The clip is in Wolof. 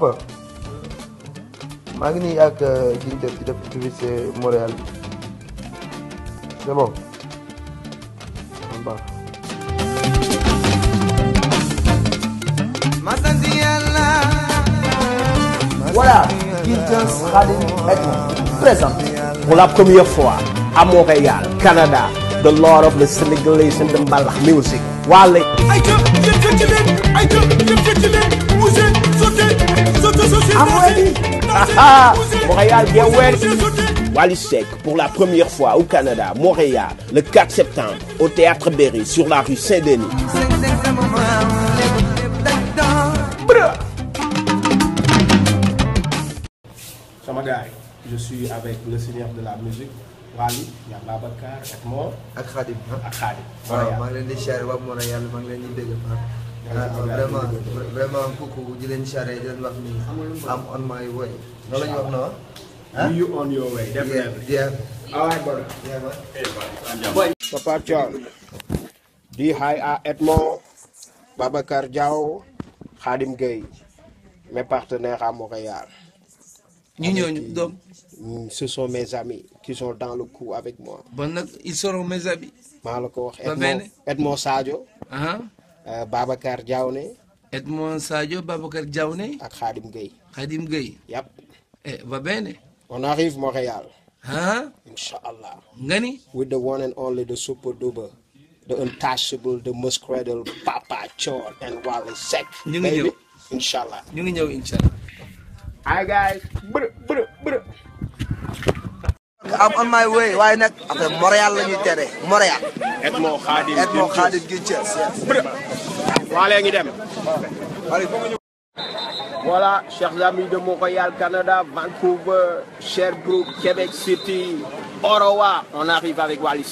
bon maa ngi nii ak ki ñu def di def publicité Montréal c'est bon. Voilà, Gildas Khadim Hedman présente pour la première fois à Montréal, Canada, the Lord of the Senegalese and the Mbalax music, Wally. I'm ready. Montréal pour la première fois au Canada, Montréal, le septembre au Théâtre Berry sur la rue Saint-Denis. je suis avec le seigneur de la musique Wally ñaar Babacar ak Mor. ak Khadim ak Khadim. waaw vraiment vraiment kooku di leen charé di wax ni am on my way loolu la ñu wax noonu ah you on your way definitely yeah alright brother Papa Thione di hi à Edmond Babacar Diaw Khadim Gueye mes partenaires ñu ñooñu doom mm, ce sont mes qui sont dans le coup avec moi bon nag ils seront maa la ko wax Edmond Edmond Sadio uh-huh. Euh, Babacar Diawne. Edmond Sadio Babacar Diawne. ak Khadim Gueye. Khadim Gueye. yàpp. eh va bene. on arrive Montréal. ah. incha allah. nga ni. with the one and only the super duper. the untouchable the muscradle Papa Chor and Wally Seck. ñu ngi ñëw incha allah. ñu ngi ñëw incha allah. hi guys. bërë bërë bërë. am on my way waaye nag après Montréal la ñuy tere Montréal. Edmond Khadim Gueye Edmond Khadim Gueye Thiès. bërë. waale ngi dem voilà chers amis de Montréal Canada Vancouver Sherbrooke Québec City Ottawa on arrive avec Wally